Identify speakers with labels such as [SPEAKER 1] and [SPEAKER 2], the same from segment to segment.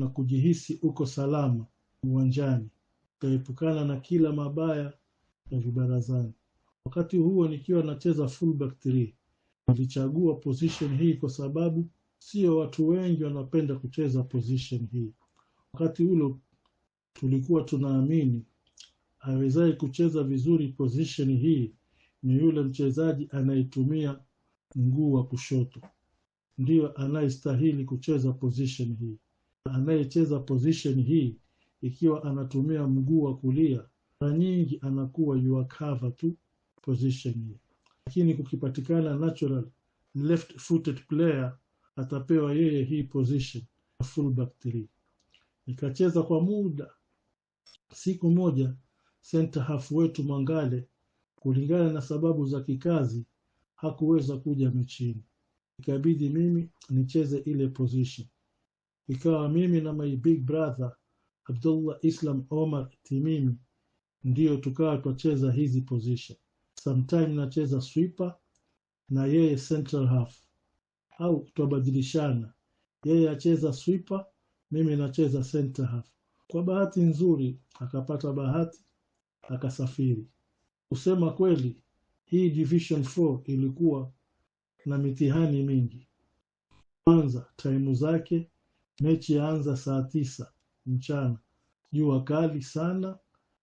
[SPEAKER 1] na kujihisi uko salama uwanjani, utaepukana na kila mabaya ya vibarazani. Wakati huo nikiwa nacheza fullback 3 nilichagua position hii kwa sababu sio watu wengi wanapenda kucheza position hii. Wakati ule tulikuwa tunaamini awezaye kucheza vizuri position hii ni yule mchezaji anayetumia mguu wa kushoto, ndiyo anayestahili kucheza position hii. Anayecheza position hii ikiwa anatumia mguu wa kulia, mara nyingi anakuwa yuakava tu position hii, lakini kukipatikana natural left footed player atapewa yeye hii position ya fullback 3. Nikacheza kwa muda siku moja center half wetu Mangale, kulingana na sababu za kikazi, hakuweza kuja mechini, ikabidi mimi nicheze ile position ikawa mimi na my big brother Abdullah Islam Omar Timimi ndiyo tukawa twacheza hizi position. Sometime nacheza sweeper na yeye central half, au twabadilishana, yeye acheza sweeper, mimi nacheza center half. Kwa bahati nzuri akapata bahati akasafiri. Kusema kweli, hii division 4 ilikuwa na mitihani mingi. Kwanza taimu zake Mechi yaanza saa tisa mchana, jua kali sana,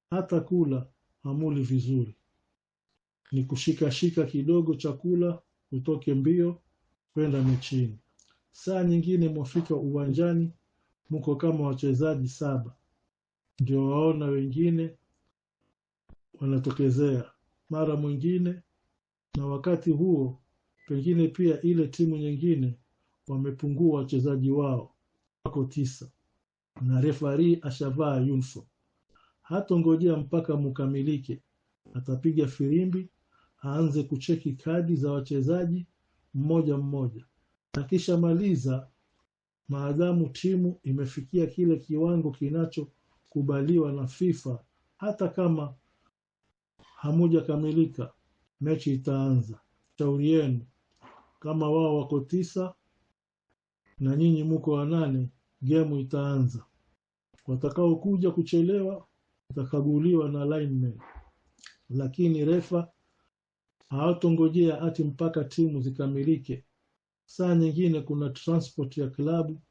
[SPEAKER 1] hata kula hamuli vizuri, ni kushikashika kidogo chakula utoke mbio kwenda mechini. Saa nyingine mwafika uwanjani, mko kama wachezaji saba, ndio waona wengine wanatokezea mara mwingine, na wakati huo pengine pia ile timu nyingine wamepungua wachezaji wao wako tisa na refari ashavaa yunifo hatongojea mpaka mukamilike atapiga firimbi aanze kucheki kadi za wachezaji mmoja mmoja akishamaliza maadamu timu imefikia kile kiwango kinachokubaliwa na FIFA hata kama hamujakamilika mechi itaanza shauri yenu kama wao wako tisa na nyinyi muko wanane gemu itaanza. Watakaokuja kuchelewa watakaguliwa na lineman, lakini refa hawatongojea ati mpaka timu zikamilike. Saa nyingine kuna transport ya klabu,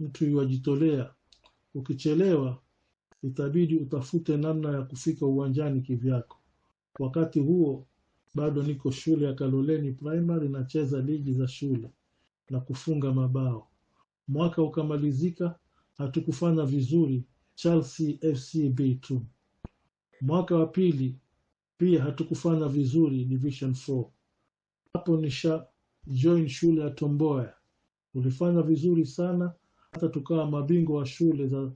[SPEAKER 1] mtu yuwajitolea. Ukichelewa itabidi utafute namna ya kufika uwanjani kivyako. Wakati huo bado niko shule ya Kaloleni Primary, nacheza ligi za shule na kufunga mabao. Mwaka ukamalizika, hatukufanya vizuri Chelsea FC B2. Mwaka wa pili pia hatukufanya vizuri Division 4. Hapo nisha join shule ya Tomboya, tulifanya vizuri sana, hata tukawa mabingwa wa shule za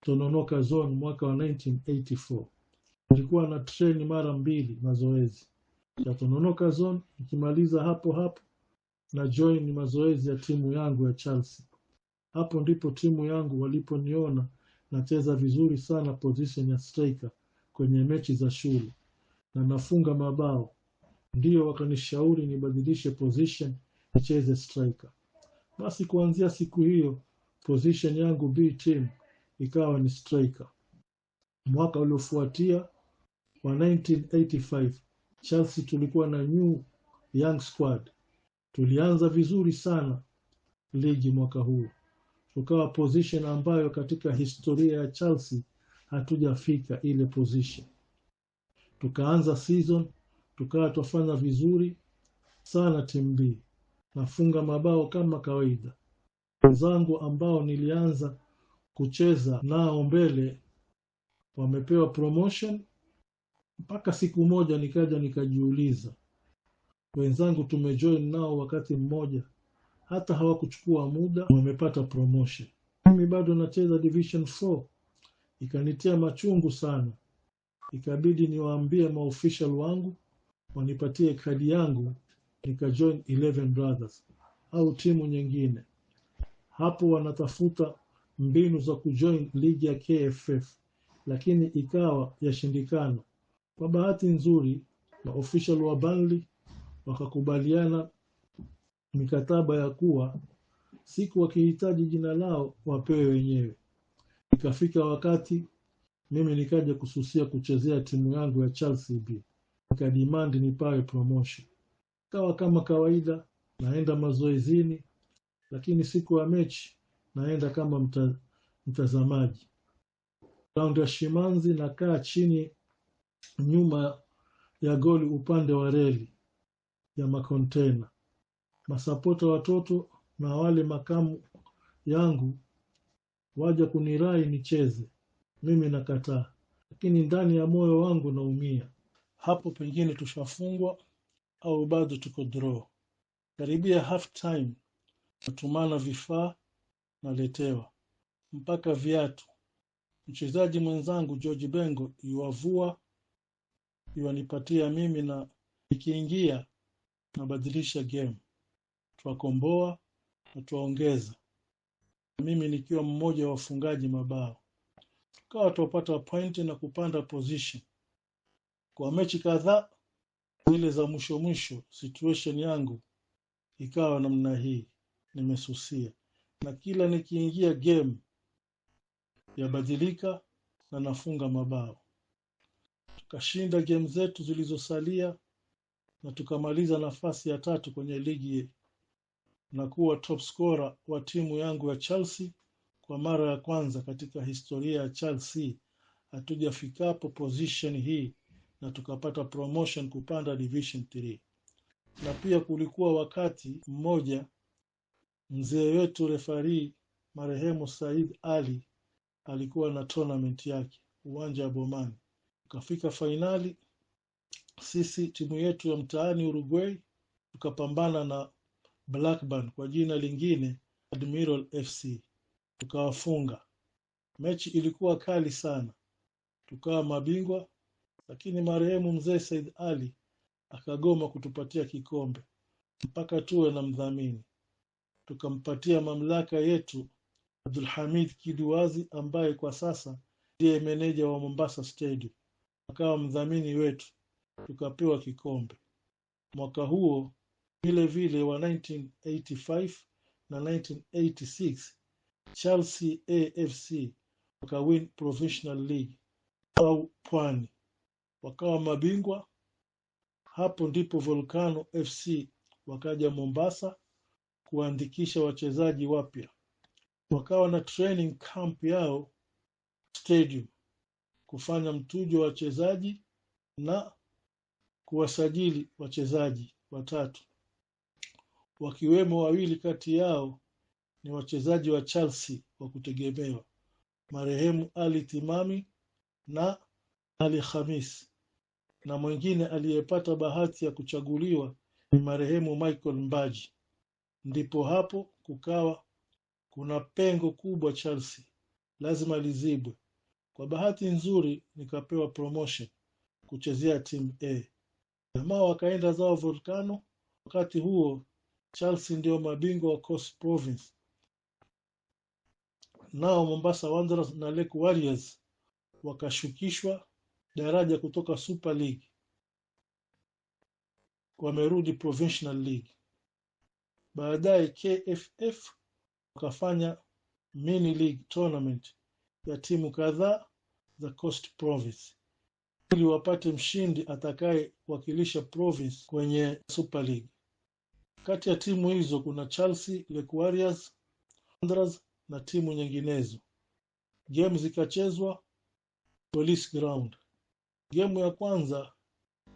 [SPEAKER 1] Tononoka Zone mwaka wa 1984. Nilikuwa na treni mara mbili mazoezi ya Tononoka Zone, nikimaliza hapo hapo na join mazoezi ya timu yangu ya Chelsea. Hapo ndipo timu yangu waliponiona nacheza vizuri sana position ya striker kwenye mechi za shule na nafunga mabao, ndio wakanishauri nibadilishe position nicheze striker. Basi kuanzia siku hiyo position yangu B team ikawa ni striker. Mwaka uliofuatia wa 1985 Chelsea tulikuwa na new young squad, tulianza vizuri sana ligi mwaka huu tukawa position ambayo katika historia ya Chelsea hatujafika ile position. Tukaanza season tukawa twafanya vizuri sana timu B, nafunga mabao kama kawaida. Wenzangu ambao nilianza kucheza nao mbele wamepewa promotion mpaka siku moja nikaja nikajiuliza, wenzangu tumejoin nao wakati mmoja, hata hawakuchukua muda, wamepata promotion. Mimi bado nacheza division 4, ikanitia machungu sana, ikabidi niwaambie maofficial wangu wanipatie kadi yangu nikajoin 11 Brothers au timu nyingine. Hapo wanatafuta mbinu za kujoin ligi ya KFF, lakini ikawa yashindikana. Kwa bahati nzuri, maofficial wa Burnley wakakubaliana mikataba ya kuwa siku wakihitaji jina lao wapewe wenyewe ikafika wakati mimi nikaja kususia kuchezea timu yangu ya Chelsea B nikadimandi nipawe promotion kawa kama kawaida naenda mazoezini lakini siku ya mechi naenda kama mta, mtazamaji raundi ya Shimanzi nakaa chini nyuma ya goli upande wa reli ya makontena masapota watoto na wale makamu yangu waja kunirai nicheze, mimi nakataa, lakini ndani ya moyo wangu naumia. Hapo pengine tushafungwa au bado tuko draw. Karibia half time, natumana vifaa, naletewa mpaka viatu. Mchezaji mwenzangu George Bengo iwavua iwanipatia mimi, na ikiingia nabadilisha game twakomboa na twaongeza, mimi nikiwa mmoja wa wafungaji mabao. Tukawa twapata pointi na kupanda position kwa mechi kadhaa. Zile za mwisho mwisho, situation yangu ikawa namna hii, nimesusia na kila nikiingia game yabadilika na nafunga mabao. Tukashinda game zetu zilizosalia na tukamaliza nafasi ya tatu kwenye ligi na kuwa top scorer wa timu yangu ya Chelsea kwa mara ya kwanza katika historia ya Chelsea. Hatujafikapo position hii na tukapata promotion kupanda division 3. Na pia kulikuwa wakati mmoja mzee wetu refarii marehemu Said Ali alikuwa na tournament yake uwanja wa Bomani, ukafika fainali. Sisi timu yetu ya mtaani Uruguay tukapambana na Blackburn kwa jina lingine Admiral FC tukawafunga. Mechi ilikuwa kali sana, tukawa mabingwa, lakini marehemu mzee Said Ali akagoma kutupatia kikombe mpaka tuwe na mdhamini. Tukampatia mamlaka yetu Abdulhamid Kiduwazi ambaye kwa sasa ndiye meneja wa Mombasa Stadium akawa mdhamini wetu, tukapewa kikombe. Mwaka huo vile vile wa 1985 na 1986 Chelsea AFC wakawin Professional League au Pwani, wakawa mabingwa. Hapo ndipo Volcano FC wakaja Mombasa kuandikisha wachezaji wapya, wakawa na training camp yao stadium kufanya mtujo wa wachezaji na kuwasajili wachezaji watatu wakiwemo wawili kati yao ni wachezaji wa Chelsea wa kutegemewa marehemu Ali Timami na Ali Khamis, na mwingine aliyepata bahati ya kuchaguliwa ni marehemu Michael Mbaji. Ndipo hapo kukawa kuna pengo kubwa Chelsea lazima lizibwe. Kwa bahati nzuri nikapewa promotion kuchezea timu A. Jamaa wakaenda zao Volcano, wakati huo Chelsea ndio mabingwa wa Coast Province, nao Mombasa Wanderers na Lake Warriors wakashukishwa daraja kutoka Super League wamerudi Provincial League. Baadaye KFF wakafanya mini league tournament ya timu kadhaa za Coast Province ili wapate mshindi atakayewakilisha province kwenye Super League. Kati ya timu hizo kuna Chelsea, Lake Warriors, Wanderers na timu nyinginezo. Game zikachezwa Police Ground. Gemu ya kwanza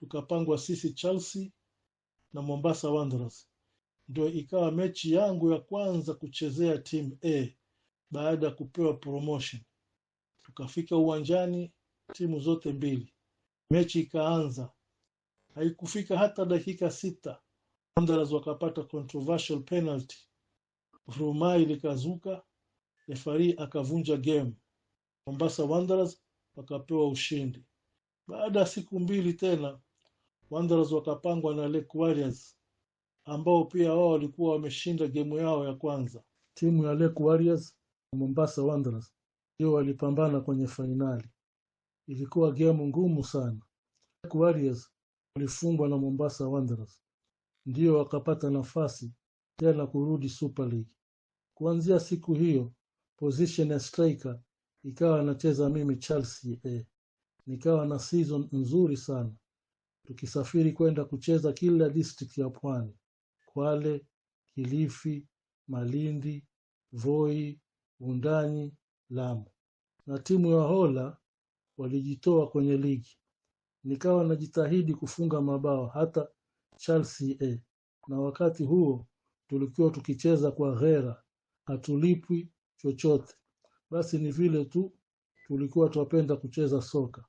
[SPEAKER 1] tukapangwa sisi Chelsea na Mombasa Wanderers, ndio ikawa mechi yangu ya kwanza kuchezea timu A baada ya kupewa promotion. Tukafika uwanjani timu zote mbili, mechi ikaanza. Haikufika hata dakika sita, Wanderers wakapata controversial penalty, ruma likazuka, refari akavunja game. Mombasa Wanderers wakapewa ushindi. Baada ya siku mbili tena Wanderers wakapangwa na Lake Warriors ambao pia wao walikuwa wameshinda gemu yao ya kwanza. Timu ya Lake Warriors na Mombasa Wanderers ndio walipambana kwenye fainali. Ilikuwa gemu ngumu sana. Lake Warriors walifungwa na Mombasa Wanderers ndio wakapata nafasi tena kurudi Super League. Kuanzia siku hiyo position ya striker ikawa anacheza mimi Chelsea eh. Nikawa na season nzuri sana, tukisafiri kwenda kucheza kila district ya pwani: Kwale, Kilifi, Malindi, Voi, Undanyi, Lamu, na timu ya Hola walijitoa kwenye ligi. Nikawa najitahidi kufunga mabao hata Chelsea eh. na wakati huo tulikuwa tukicheza kwa ghera, hatulipwi chochote. Basi ni vile tu tulikuwa twapenda kucheza soka.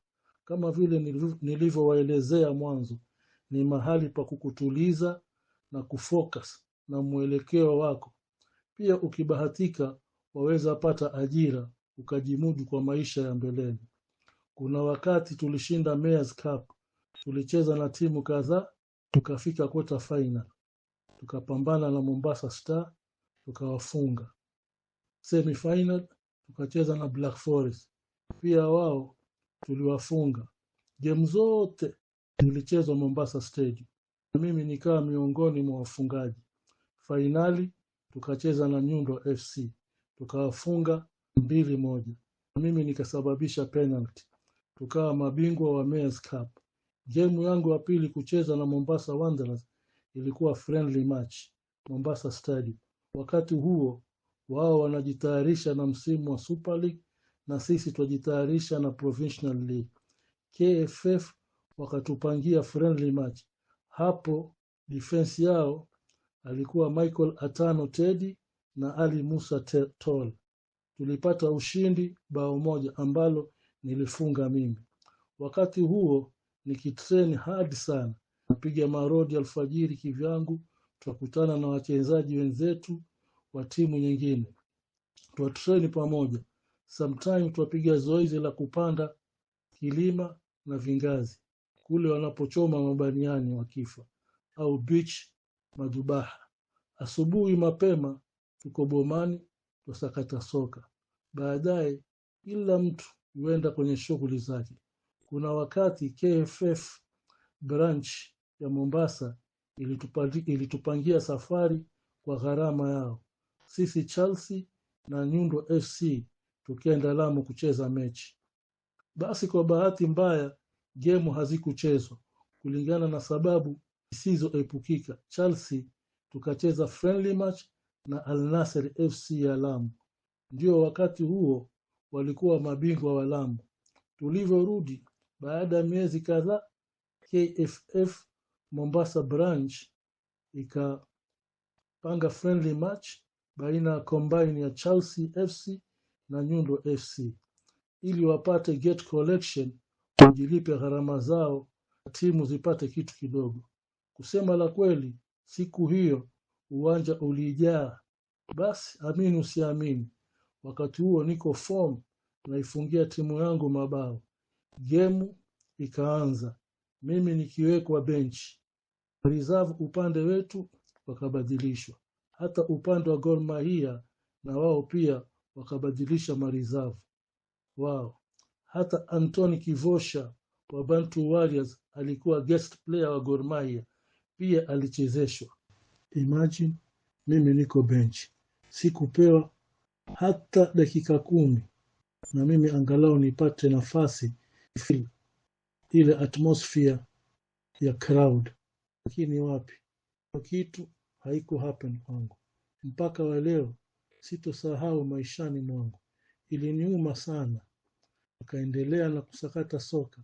[SPEAKER 1] Kama vile nilivyowaelezea mwanzo, ni mahali pa kukutuliza na kufocus na mwelekeo wako. Pia ukibahatika, waweza pata ajira ukajimudu kwa maisha ya mbeleni. Kuna wakati tulishinda Mayors Cup, tulicheza na timu kadhaa tukafika quarter final tukapambana na Mombasa Star tukawafunga. Semi final tukacheza na Black Forest pia wao tuliwafunga. Game zote zilichezwa Mombasa Stadium, mimi nikaa miongoni mwa wafungaji. Fainali tukacheza na Nyundo FC tukawafunga mbili moja, mimi nikasababisha penalty, tukawa mabingwa wa Mayor's Cup. Gemu yangu ya pili kucheza na Mombasa Wanderers ilikuwa friendly match Mombasa Stadium. Wakati huo wao wanajitayarisha na msimu wa Super League na sisi twajitayarisha na Provincial League. KFF wakatupangia friendly match. Hapo defense yao alikuwa Michael Atano Teddy na Ali Musa Tol. Tulipata ushindi bao moja ambalo nilifunga mimi. Wakati huo ni kitreni hadi sana kupiga marodi alfajiri kivyangu tutakutana na wachezaji wenzetu wa timu nyingine treni pamoja sometime tuwapiga zoezi la kupanda kilima na vingazi kule wanapochoma mabaniani wakifa au beach madhubaha asubuhi mapema tuko bomani twasakata soka baadaye kila mtu huenda kwenye shughuli zake kuna wakati KFF branch ya Mombasa ilitupangia safari kwa gharama yao, sisi Chelsea na Nyundo FC tukienda Lamu kucheza mechi. Basi kwa bahati mbaya gemu hazikuchezwa kulingana na sababu zisizoepukika. Chelsea tukacheza friendly match na Al Nassr FC ya Lamu, ndio wakati huo walikuwa mabingwa wa Lamu. Tulivyorudi baada ya miezi kadhaa, KFF Mombasa branch ikapanga friendly match baina ya combine ya Chelsea FC na Nyundo FC ili wapate get collection kujilipa gharama zao na timu zipate kitu kidogo. Kusema la kweli, siku hiyo uwanja ulijaa, basi amini usiamini, wakati huo niko form naifungia timu yangu mabao. Gemu ikaanza mimi nikiwekwa benchi reserve upande wetu wakabadilishwa hata upande wa Gor Mahia na wao pia wakabadilisha mareserve wao hata Antoni Kivosha wa Bantu Warriors alikuwa guest player wa Gor Mahia pia alichezeshwa imagine mimi niko benchi sikupewa hata dakika kumi na mimi angalau nipate nafasi ile atmosphere ya crowd lakini wapi kitu haiku happen kwangu mpaka wa leo sitosahau maishani mwangu iliniuma sana akaendelea na kusakata soka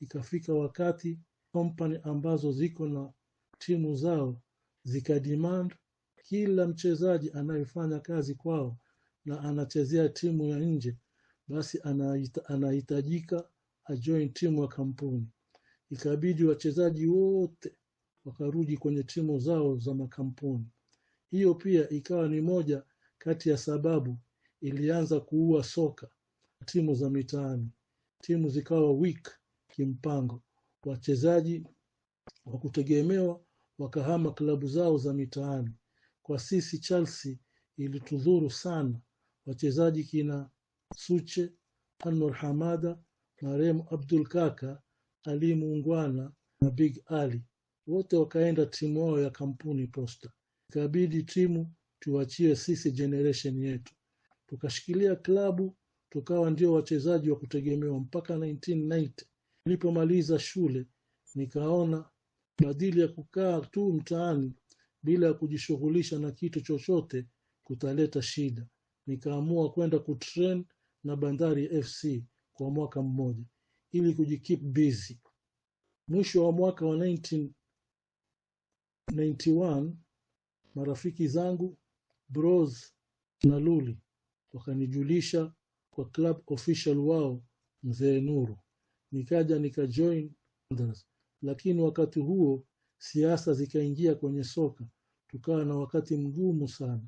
[SPEAKER 1] ikafika wakati company ambazo ziko na timu zao zikademand kila mchezaji anayefanya kazi kwao na anachezea timu ya nje basi anahitajika ajoin timu ya kampuni. Ikabidi wachezaji wote wakarudi kwenye timu zao za makampuni. Hiyo pia ikawa ni moja kati ya sababu ilianza kuua soka timu za mitaani. Timu zikawa weak kimpango, wachezaji wa kutegemewa wakahama klabu zao za mitaani. Kwa sisi Chelsea ilitudhuru sana, wachezaji kina Suche, Anwar Hamada Marehemu Abdul Kaka Ali Muungwana na Big Ali wote wakaenda timu yao ya kampuni Posta. Ikabidi timu tuachie sisi generation yetu, tukashikilia klabu tukawa ndio wachezaji wa kutegemewa mpaka 1990 nilipomaliza shule, nikaona badili ya kukaa tu mtaani bila ya kujishughulisha na kitu chochote kutaleta shida, nikaamua kwenda kutrain na Bandari FC kwa mwaka mmoja ili kujikeep busy. Mwisho wa mwaka wa 1991 marafiki zangu Bros na Luli wakanijulisha kwa club official wao Mzee Nuru, nikaja nikajoin lakini wakati huo siasa zikaingia kwenye soka, tukawa na wakati mgumu sana.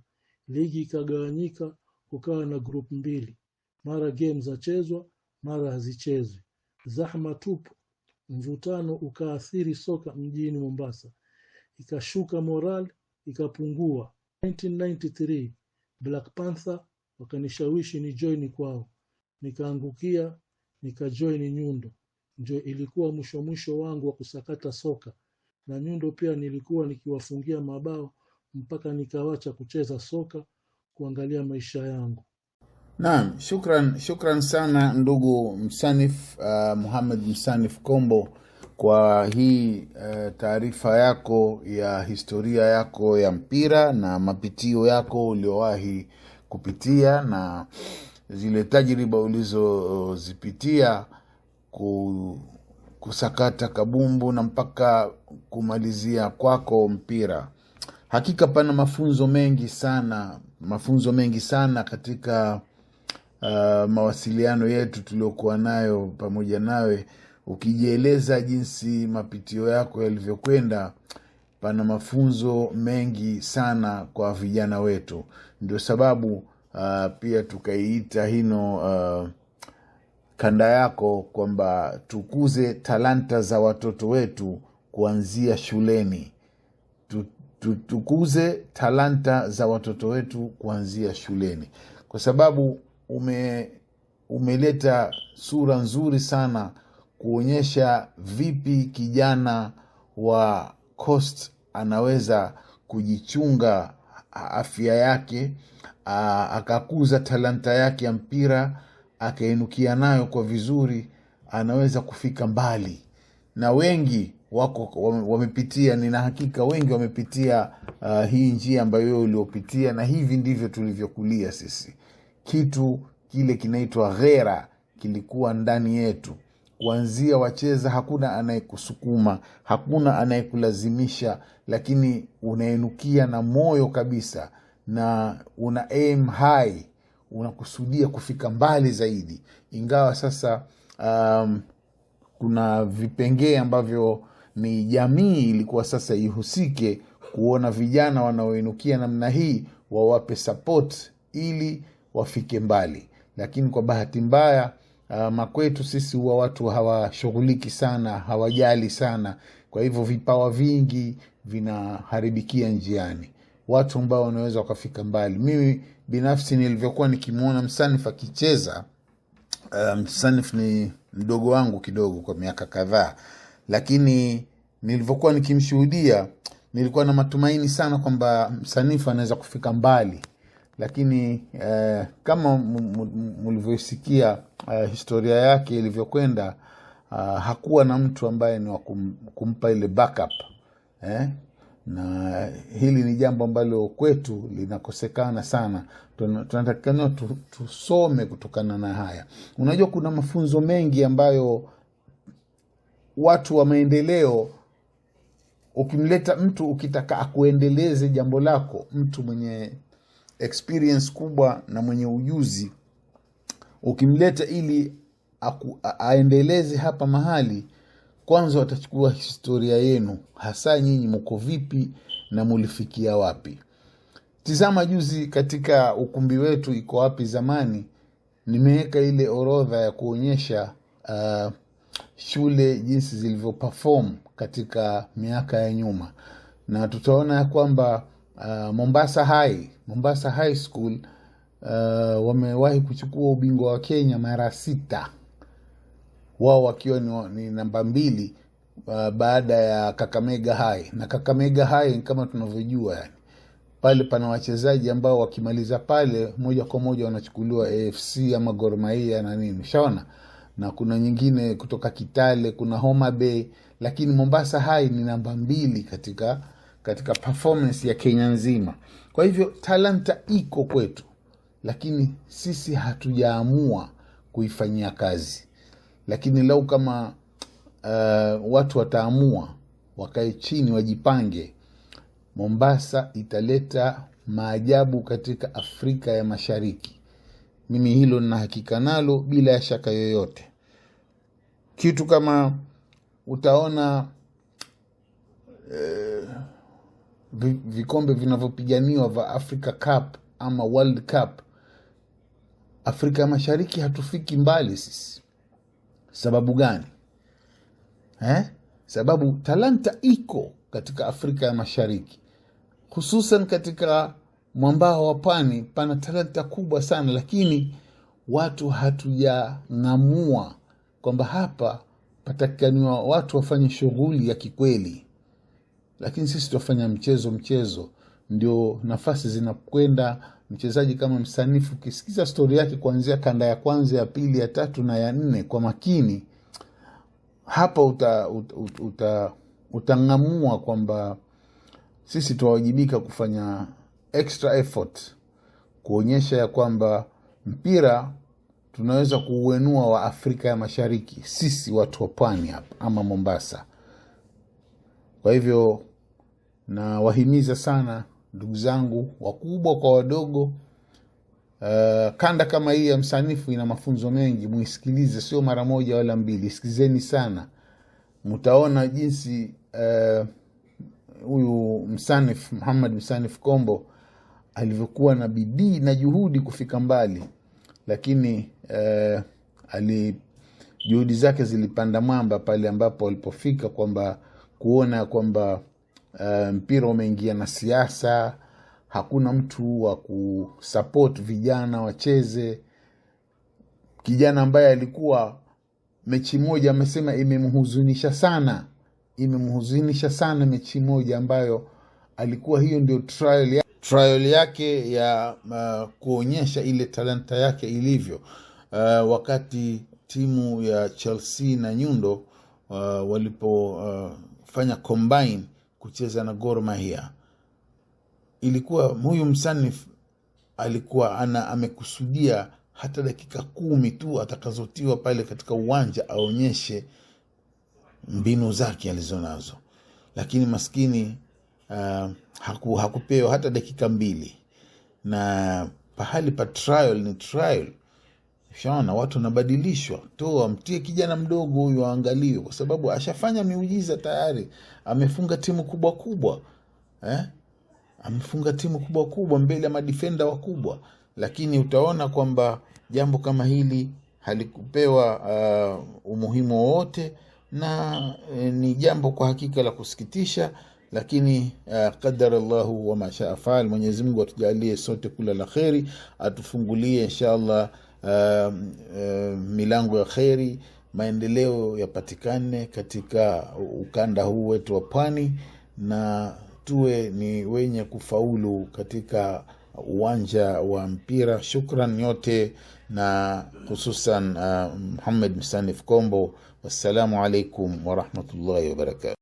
[SPEAKER 1] Ligi ikagawanyika, kukawa na group mbili, mara game zachezwa, mara hazichezwi, zahma tupu. Mvutano ukaathiri soka mjini Mombasa, ikashuka moral ikapungua. 1993 Black Panther wakanishawishi ni joini kwao, nikaangukia nikajoini Nyundo, ndio ilikuwa mwisho mwisho wangu wa kusakata soka na Nyundo pia nilikuwa nikiwafungia mabao mpaka nikawacha kucheza soka kuangalia maisha yangu.
[SPEAKER 2] Naam, shukran, shukran sana ndugu Msanif uh, Muhammad Msanif Kombo kwa hii uh, taarifa yako ya historia yako ya mpira na mapitio yako uliowahi kupitia na zile tajriba ulizozipitia kusakata kabumbu na mpaka kumalizia kwako mpira. Hakika pana mafunzo mengi sana, mafunzo mengi sana katika uh, mawasiliano yetu tuliokuwa nayo pamoja nawe, ukijieleza jinsi mapitio yako yalivyokwenda, pana mafunzo mengi sana kwa vijana wetu. Ndio sababu uh, pia tukaiita hino uh, kanda yako kwamba tukuze talanta za watoto wetu kuanzia shuleni tukuze talanta za watoto wetu kuanzia shuleni, kwa sababu ume, umeleta sura nzuri sana kuonyesha vipi kijana wa Coast anaweza kujichunga afya yake, akakuza talanta yake ya mpira, akainukia nayo kwa vizuri, anaweza kufika mbali, na wengi wako wamepitia, nina hakika wengi wamepitia uh, hii njia ambayo wewe uliopitia, na hivi ndivyo tulivyokulia sisi kitu kile kinaitwa ghera kilikuwa ndani yetu kuanzia wacheza, hakuna anayekusukuma, hakuna anayekulazimisha, lakini unaenukia na moyo kabisa, na una aim high, unakusudia kufika mbali zaidi. Ingawa sasa um, kuna vipengee ambavyo ni jamii ilikuwa sasa ihusike kuona vijana wanaoinukia namna hii wawape support ili wafike mbali, lakini kwa bahati mbaya Uh, makwetu sisi huwa watu hawashughuliki sana, hawajali sana. Kwa hivyo vipawa vingi vinaharibikia njiani, watu ambao wanaweza wakafika mbali. Mimi binafsi nilivyokuwa nikimwona Msanif akicheza, uh, Msanif ni mdogo wangu kidogo kwa miaka kadhaa, lakini nilivyokuwa nikimshuhudia nilikuwa na matumaini sana kwamba Msanifu anaweza kufika mbali lakini eh, kama mlivyosikia eh, historia yake ilivyokwenda ah, hakuwa na mtu ambaye ni wakumpa ile backup eh? na hili ni jambo ambalo kwetu linakosekana sana. Tunatakikana tusome kutokana na haya. Unajua, kuna mafunzo mengi ambayo watu wa maendeleo, ukimleta mtu ukitaka akuendeleze jambo lako, mtu mwenye experience kubwa na mwenye ujuzi ukimleta ili aku, aendeleze hapa mahali, kwanza watachukua historia yenu, hasa nyinyi mko vipi na mulifikia wapi. Tizama juzi katika ukumbi wetu iko wapi zamani, nimeweka ile orodha ya kuonyesha uh, shule jinsi zilivyoperform katika miaka ya nyuma, na tutaona ya kwamba Ah, Mombasa High, Mombasa High School uh, wamewahi kuchukua ubingwa wa Kenya mara sita, wao wakiwa ni, ni namba mbili uh, baada ya Kakamega High. Na Kakamega High kama tunavyojua yani, pale pana wachezaji ambao wakimaliza pale moja kwa moja wanachukuliwa AFC ama Gor Mahia na nini, shaona na kuna nyingine kutoka Kitale, kuna Homa Bay, lakini Mombasa High ni namba mbili katika katika performance ya Kenya nzima. Kwa hivyo talanta iko kwetu, lakini sisi hatujaamua kuifanyia kazi. Lakini lau kama uh, watu wataamua wakae chini, wajipange, Mombasa italeta maajabu katika Afrika ya Mashariki. Mimi hilo nina hakika nalo bila ya shaka yoyote. Kitu kama utaona eh, vikombe vinavyopiganiwa vya Africa Cup ama World Cup, Afrika ya Mashariki hatufiki mbali sisi. Sababu gani eh? Sababu talanta iko katika Afrika ya Mashariki, hususan katika mwambao wa pwani, pana talanta kubwa sana, lakini watu hatujang'amua kwamba hapa patakikaniwa watu wafanye shughuli ya kikweli lakini sisi tunafanya mchezo mchezo, ndio nafasi zinakwenda. Mchezaji kama msanifu, ukisikiza stori yake kuanzia kanda ya kwanza, ya pili, ya tatu na ya nne kwa makini, hapa uta, uta, uta, utang'amua kwamba sisi tuwawajibika kufanya extra effort kuonyesha ya kwamba mpira tunaweza kuuenua wa Afrika ya Mashariki, sisi watu wa pwani hapa ama Mombasa. Kwa hivyo na wahimiza sana ndugu zangu wakubwa kwa wadogo uh, kanda kama hii ya msanifu ina mafunzo mengi muisikilize sio mara moja wala mbili sikizeni sana mtaona jinsi eh, huyu uh, msanif muhamad msanif kombo alivyokuwa na bidii na juhudi kufika mbali lakini uh, ali juhudi zake zilipanda mwamba pale ambapo alipofika kwamba kuona kwamba Eh, mpira umeingia na siasa, hakuna mtu wa kusapot vijana wacheze. Kijana ambaye alikuwa mechi moja amesema imemhuzunisha sana, imemhuzunisha sana mechi moja ambayo alikuwa hiyo ndio trial ya, trial yake ya uh, kuonyesha ile talanta yake ilivyo. Uh, wakati timu ya Chelsea na Nyundo uh, walipofanya uh, combine kucheza na Gor Mahia. Ilikuwa huyu msanifu alikuwa ana amekusudia hata dakika kumi tu atakazotiwa pale katika uwanja aonyeshe mbinu zake alizonazo, lakini maskini uh, haku, hakupewa hata dakika mbili, na pahali pa trial ni trial shana watu wanabadilishwa tu, amtie kijana mdogo huyu waangaliwe, kwa sababu ashafanya miujiza tayari, amefunga timu kubwa kubwa eh? amefunga timu kubwa kubwa mbele ya madifenda wakubwa, lakini utaona kwamba jambo kama hili halikupewa uh, umuhimu wowote na e, ni jambo kwa hakika la kusikitisha, lakini uh, qadara llahu wamashaa faal. atujalie sote kula la kheri, atufungulie inshaallah uh, uh, milango ya kheri, maendeleo yapatikane katika ukanda huu wetu wa pwani, na tuwe ni wenye kufaulu katika uwanja wa mpira. Shukran yote na hususan uh, ah, Muhamed Msanif Kombo. Wassalamu alaikum warahmatullahi wabarakatu.